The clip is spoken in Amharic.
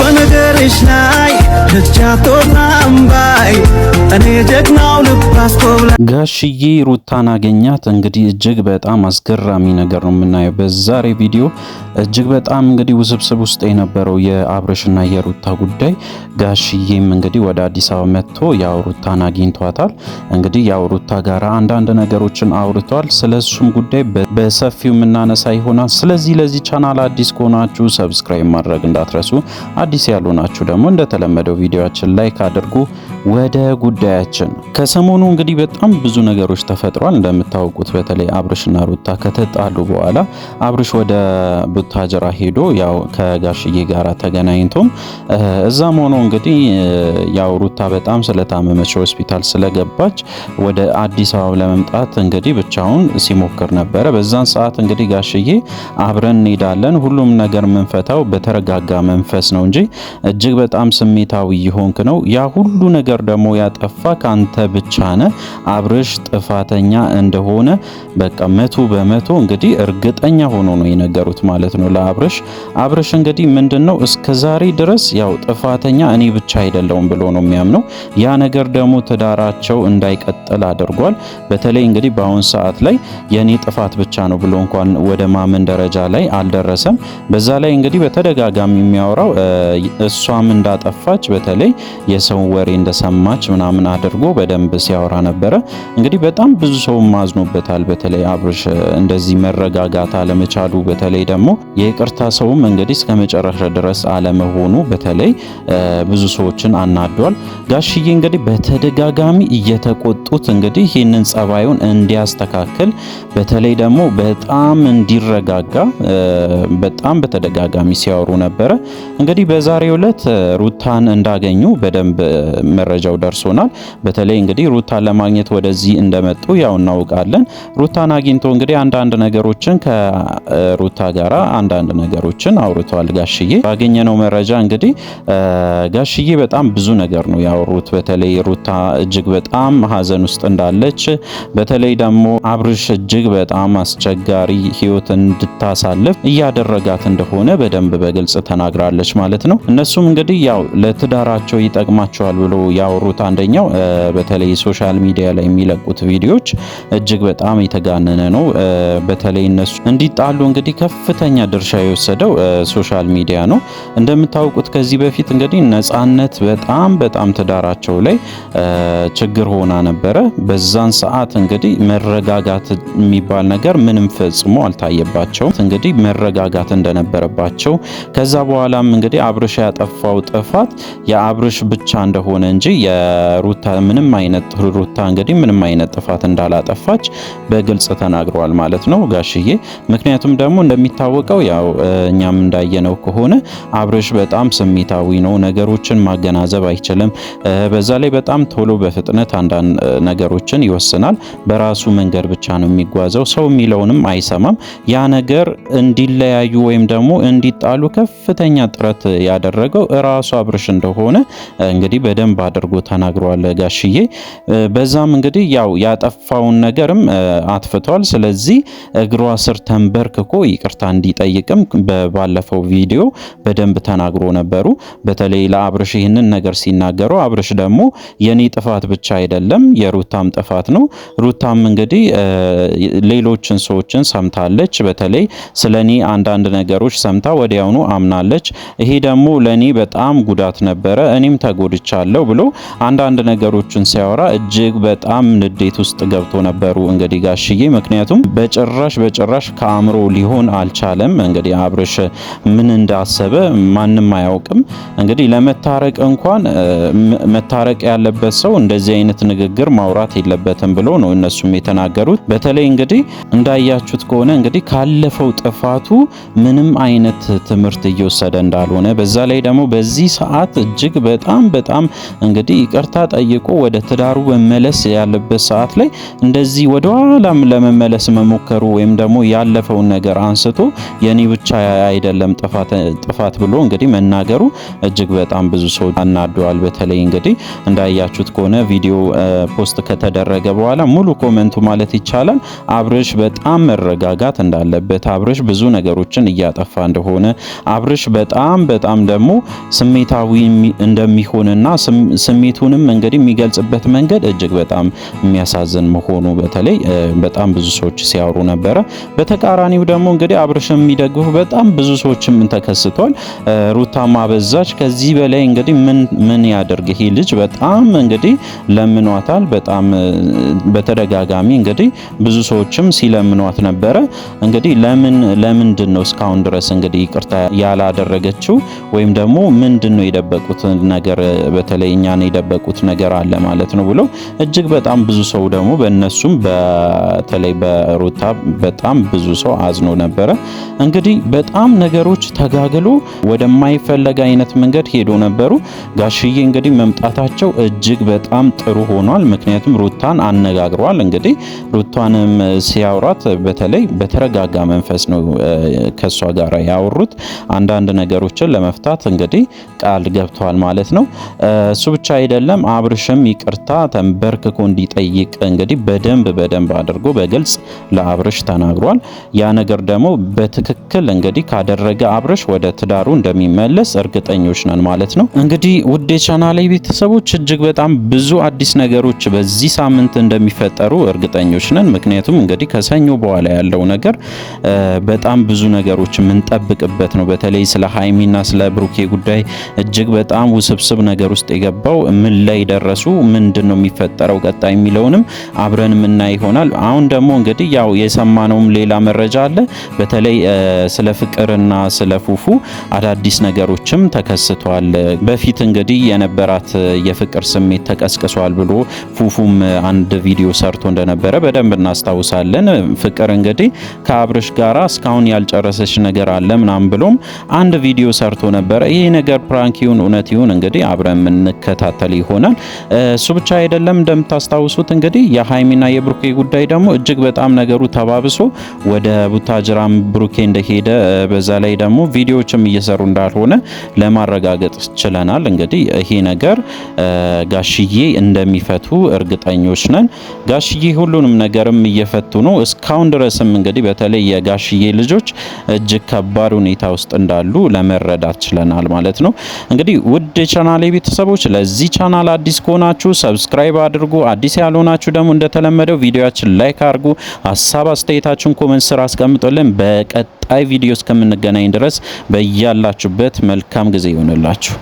በነገርሽ ላይ ጋሽዬ ሩታን አገኛት። እንግዲህ እጅግ በጣም አስገራሚ ነገር ነው የምናየው በዛሬ ቪዲዮ። እጅግ በጣም እንግዲህ ውስብስብ ውስጥ የነበረው የአብርሽና የሩታ ጉዳይ፣ ጋሽዬም እንግዲህ ወደ አዲስ አበባ መጥቶ ያው ሩታን አግኝቷታል። እንግዲህ ያው ሩታ ጋር አንዳንድ ነገሮችን አውርቷል። ስለሱም ጉዳይ በሰፊው የምናነሳ ይሆናል። ስለዚህ ለዚህ ቻናል አዲስ ከሆናችሁ ሰብስክራይብ ማድረግ እንዳትረሱ። አዲስ ያሉ ናችሁ ደግሞ እንደተለመደው ቪዲዮአችን ላይክ አድርጉ። ወደ ጉዳያችን ከሰሞኑ እንግዲህ በጣም ብዙ ነገሮች ተፈጥሯል። እንደምታውቁት በተለይ አብርሽና ሩታ ከተጣሉ በኋላ አብርሽ ወደ ቡታጅራ ሄዶ ያው ከጋሽዬ ጋር ተገናኝቶም እዛም ሆኖ እንግዲህ ያው ሩታ በጣም ስለታመመች ሆስፒታል ስለገባች ወደ አዲስ አበባ ለመምጣት እንግዲህ ብቻውን ሲሞክር ነበረ። በዛን ሰዓት እንግዲህ ጋሽዬ አብረን እንሄዳለን፣ ሁሉም ነገር መንፈታው በተረጋጋ መንፈስ ነው እንጂ እጅግ በጣም ስሜታዊ የሆንክ ነው ያ ሁሉ ነገር ነገር ደግሞ ያጠፋ ካንተ ብቻ ነ አብርሽ ጥፋተኛ እንደሆነ በቃ መቶ በመቶ እንግዲህ እርግጠኛ ሆኖ ነው የነገሩት ማለት ነው ለአብርሽ። አብርሽ እንግዲህ ምንድነው እስከ ዛሬ ድረስ ያው ጥፋተኛ እኔ ብቻ አይደለውም ብሎ ነው የሚያምነው። ያ ነገር ደግሞ ትዳራቸው እንዳይቀጥል አድርጓል። በተለይ እንግዲህ በአሁን ሰዓት ላይ የኔ ጥፋት ብቻ ነው ብሎ እንኳን ወደ ማመን ደረጃ ላይ አልደረሰም። በዛ ላይ እንግዲህ በተደጋጋሚ የሚያወራው እሷም እንዳጠፋች በተለይ የሰው ወሬ እንደ ሰማች ምናምን አድርጎ በደንብ ሲያወራ ነበረ። እንግዲህ በጣም ብዙ ሰው ማዝኖበታል። በተለይ አብርሽ እንደዚህ መረጋጋት አለመቻሉ፣ በተለይ ደግሞ የይቅርታ ሰውም እንግዲህ እስከ መጨረሻ ድረስ አለመሆኑ በተለይ ብዙ ሰዎችን አናዷል። ጋሽዬ እንግዲህ በተደጋጋሚ እየተቆጡት እንግዲህ ይህንን ጸባዩን እንዲያስተካክል በተለይ ደግሞ በጣም እንዲረጋጋ በጣም በተደጋጋሚ ሲያወሩ ነበረ። እንግዲህ በዛሬው ዕለት ሩታን እንዳገኙ በደንብ መረጃው ደርሶናል። በተለይ እንግዲህ ሩታን ለማግኘት ወደዚህ እንደመጡ ያው እናውቃለን። ሩታን አግኝቶ እንግዲህ አንዳንድ ነገሮችን ከሩታ ጋራ አንዳንድ ነገሮችን አውርተዋል ጋሽዬ። ባገኘነው መረጃ እንግዲህ ጋሽዬ በጣም ብዙ ነገር ነው ያወሩት። በተለይ ሩታ እጅግ በጣም ሀዘን ውስጥ እንዳለች፣ በተለይ ደግሞ አብርሽ እጅግ በጣም አስቸጋሪ ህይወት እንድታሳልፍ እያደረጋት እንደሆነ በደንብ በግልጽ ተናግራለች ማለት ነው። እነሱም እንግዲህ ያው ለትዳራቸው ይጠቅማቸዋል ብሎ ያወሩት አንደኛው በተለይ ሶሻል ሚዲያ ላይ የሚለቁት ቪዲዮዎች እጅግ በጣም የተጋነነ ነው። በተለይ እነሱ እንዲጣሉ እንግዲህ ከፍተኛ ድርሻ የወሰደው ሶሻል ሚዲያ ነው። እንደምታውቁት ከዚህ በፊት እንግዲህ ነጻነት በጣም በጣም ትዳራቸው ላይ ችግር ሆና ነበረ። በዛን ሰዓት እንግዲህ መረጋጋት የሚባል ነገር ምንም ፈጽሞ አልታየባቸውም። እንግዲህ መረጋጋት እንደነበረባቸው ከዛ በኋላም እንግዲህ አብርሽ ያጠፋው ጥፋት የአብርሽ ብቻ እንደሆነ እንጂ የሩታ ምንም አይነት ሩታ እንግዲህ ምንም አይነት ጥፋት እንዳላጠፋች በግልጽ ተናግረዋል ማለት ነው ጋሽዬ። ምክንያቱም ደግሞ እንደሚታወቀው ያው እኛም እንዳየነው ከሆነ አብርሽ በጣም ስሜታዊ ነው፣ ነገሮችን ማገናዘብ አይችልም። በዛ ላይ በጣም ቶሎ በፍጥነት አንዳንድ ነገሮችን ይወስናል። በራሱ መንገድ ብቻ ነው የሚጓዘው፣ ሰው የሚለውንም አይሰማም። ያ ነገር እንዲለያዩ ወይም ደግሞ እንዲጣሉ ከፍተኛ ጥረት ያደረገው እራሱ አብርሽ እንደሆነ እንግዲህ በደንብ አድርጎ ተናግሯል ጋሽዬ። በዛም እንግዲህ ያው ያጠፋውን ነገርም አጥፍቷል። ስለዚህ እግሯ ስር ተንበርክኮ ይቅርታ እንዲጠይቅም ባለፈው ቪዲዮ በደንብ ተናግሮ ነበሩ። በተለይ ለአብርሽ ይህንን ነገር ሲናገሩ አብርሽ ደግሞ የኔ ጥፋት ብቻ አይደለም የሩታም ጥፋት ነው። ሩታም እንግዲህ ሌሎችን ሰዎችን ሰምታለች። በተለይ ስለ እኔ አንዳንድ ነገሮች ሰምታ ወዲያውኑ አምናለች። ይሄ ደግሞ ለእኔ በጣም ጉዳት ነበረ፣ እኔም ተጎድቻለሁ ብሎ አንዳንድ ነገሮችን ሲያወራ እጅግ በጣም ንዴት ውስጥ ገብቶ ነበሩ እንግዲህ ጋሽዬ። ምክንያቱም በጭራሽ በጭራሽ ከአእምሮ ሊሆን አልቻለም። እንግዲህ አብርሽ ምን እንዳሰበ ማንም አያውቅም። እንግዲህ ለመታረቅ እንኳን መታረቅ ያለበት ሰው እንደዚህ አይነት ንግግር ማውራት የለበትም ብሎ ነው እነሱም የተናገሩት። በተለይ እንግዲህ እንዳያችሁት ከሆነ እንግዲህ ካለፈው ጥፋቱ ምንም አይነት ትምህርት እየወሰደ እንዳልሆነ በዛ ላይ ደግሞ በዚህ ሰዓት እጅግ በጣም በጣም እንግዲህ ይቅርታ ጠይቆ ወደ ትዳሩ መመለስ ያለበት ሰዓት ላይ እንደዚህ ወደ ኋላም ለመመለስ መሞከሩ ወይም ደግሞ ያለፈውን ነገር አንስቶ የኔ ብቻ አይደለም ጥፋት ብሎ እንግዲህ መናገሩ እጅግ በጣም ብዙ ሰው አናደዋል። በተለይ እንግዲህ እንዳያችሁት ከሆነ ቪዲዮ ፖስት ከተደረገ በኋላ ሙሉ ኮመንቱ ማለት ይቻላል አብርሽ በጣም መረጋጋት እንዳለበት፣ አብርሽ ብዙ ነገሮችን እያጠፋ እንደሆነ፣ አብርሽ በጣም በጣም ደግሞ ስሜታዊ እንደሚሆንና ስሜቱንም እንግዲህ የሚገልጽበት መንገድ እጅግ በጣም የሚያሳዝን መሆኑ በተለይ በጣም ብዙ ሰዎች ሲያወሩ ነበረ። በተቃራኒው ደግሞ እንግዲህ አብርሽ የሚደግፉ በጣም ብዙ ሰዎችም ተከስቷል። ሩታ ማበዛች ከዚህ በላይ እንግዲህ ምን ምን ያደርግ ይሄ ልጅ በጣም እንግዲህ ለምኗታል። በጣም በተደጋጋሚ እንግዲህ ብዙ ሰዎችም ሲለምኗት ነበረ። እንግዲህ ለምን ለምንድን ነው እስካሁን ድረስ እንግዲህ ይቅርታ ያላደረገችው ወይም ደግሞ ምንድን ነው የደበቁት ነገር በተለይ እኛ እኛን የደበቁት ነገር አለ ማለት ነው ብለው እጅግ በጣም ብዙ ሰው ደግሞ በእነሱም በተለይ በሩታ በጣም ብዙ ሰው አዝኖ ነበረ። እንግዲህ በጣም ነገሮች ተጋግሎ ወደማይፈለግ አይነት መንገድ ሄዶ ነበሩ። ጋሽዬ እንግዲህ መምጣታቸው እጅግ በጣም ጥሩ ሆኗል። ምክንያቱም ሩታን አነጋግሯል። እንግዲህ ሩታንም ሲያወራት በተለይ በተረጋጋ መንፈስ ነው ከእሷ ጋር ያወሩት። አንዳንድ ነገሮችን ለመፍታት እንግዲህ ቃል ገብተዋል ማለት ነው እሱ ብቻ አይደለም አብርሽም ይቅርታ ተንበርክኮ እንዲጠይቅ እንግዲህ በደንብ በደንብ አድርጎ በግልጽ ለአብርሽ ተናግሯል። ያ ነገር ደግሞ በትክክል እንግዲህ ካደረገ አብርሽ ወደ ትዳሩ እንደሚመለስ እርግጠኞች ነን ማለት ነው። እንግዲህ ውድ የቻናሌ ቤተሰቦች እጅግ በጣም ብዙ አዲስ ነገሮች በዚህ ሳምንት እንደሚፈጠሩ እርግጠኞች ነን። ምክንያቱም እንግዲህ ከሰኞ በኋላ ያለው ነገር በጣም ብዙ ነገሮች የምንጠብቅበት ነው። በተለይ ስለ ሀይሚና ስለ ብሩኬ ጉዳይ እጅግ በጣም ውስብስብ ነገር ውስጥ የገባ ተሰርተው ምን ላይ ደረሱ፣ ምንድን ነው የሚፈጠረው ቀጣይ የሚለውንም አብረን የምናይ ይሆናል። አሁን ደግሞ እንግዲህ ያው የሰማነውም ሌላ መረጃ አለ። በተለይ ስለ ፍቅርና ስለ ፉፉ አዳዲስ ነገሮችም ተከስተዋል። በፊት እንግዲህ የነበራት የፍቅር ስሜት ተቀስቅሷል ብሎ ፉፉም አንድ ቪዲዮ ሰርቶ እንደነበረ በደንብ እናስታውሳለን። ፍቅር እንግዲህ ከአብርሽ ጋራ እስካሁን ያልጨረሰች ነገር አለ ምናም ብሎም አንድ ቪዲዮ ሰርቶ ነበረ። ይህ ነገር ፕራንክ ይሁን እውነት ይሁን እንግዲህ አብረን የምንከታተል የምንከታተል ይሆናል። እሱ ብቻ አይደለም። እንደምታስታውሱት እንግዲህ የሀይሚና የብሩኬ ጉዳይ ደግሞ እጅግ በጣም ነገሩ ተባብሶ ወደ ቡታጅራም ብሩኬ እንደሄደ በዛ ላይ ደግሞ ቪዲዮዎችም እየሰሩ እንዳልሆነ ለማረጋገጥ ችለናል። እንግዲህ ይሄ ነገር ጋሽዬ እንደሚፈቱ እርግጠኞች ነን። ጋሽዬ ሁሉንም ነገርም እየፈቱ ነው። እስካሁን ድረስም እንግዲህ በተለይ የጋሽዬ ልጆች እጅግ ከባድ ሁኔታ ውስጥ እንዳሉ ለመረዳት ችለናል ማለት ነው። እንግዲህ ውድ የቻናሌ ቤተሰቦች ለዚህ ቻናል አዲስ ከሆናችሁ ሰብስክራይብ አድርጉ። አዲስ ያልሆናችሁ ደግሞ እንደተለመደው ቪዲዮአችን ላይክ አድርጉ። ሀሳብ አስተያየታችሁን ኮመንት ስራ አስቀምጡልን። በቀጣይ ቪዲዮ እስከምንገናኝ ድረስ በያላችሁበት መልካም ጊዜ ይሆንላችሁ።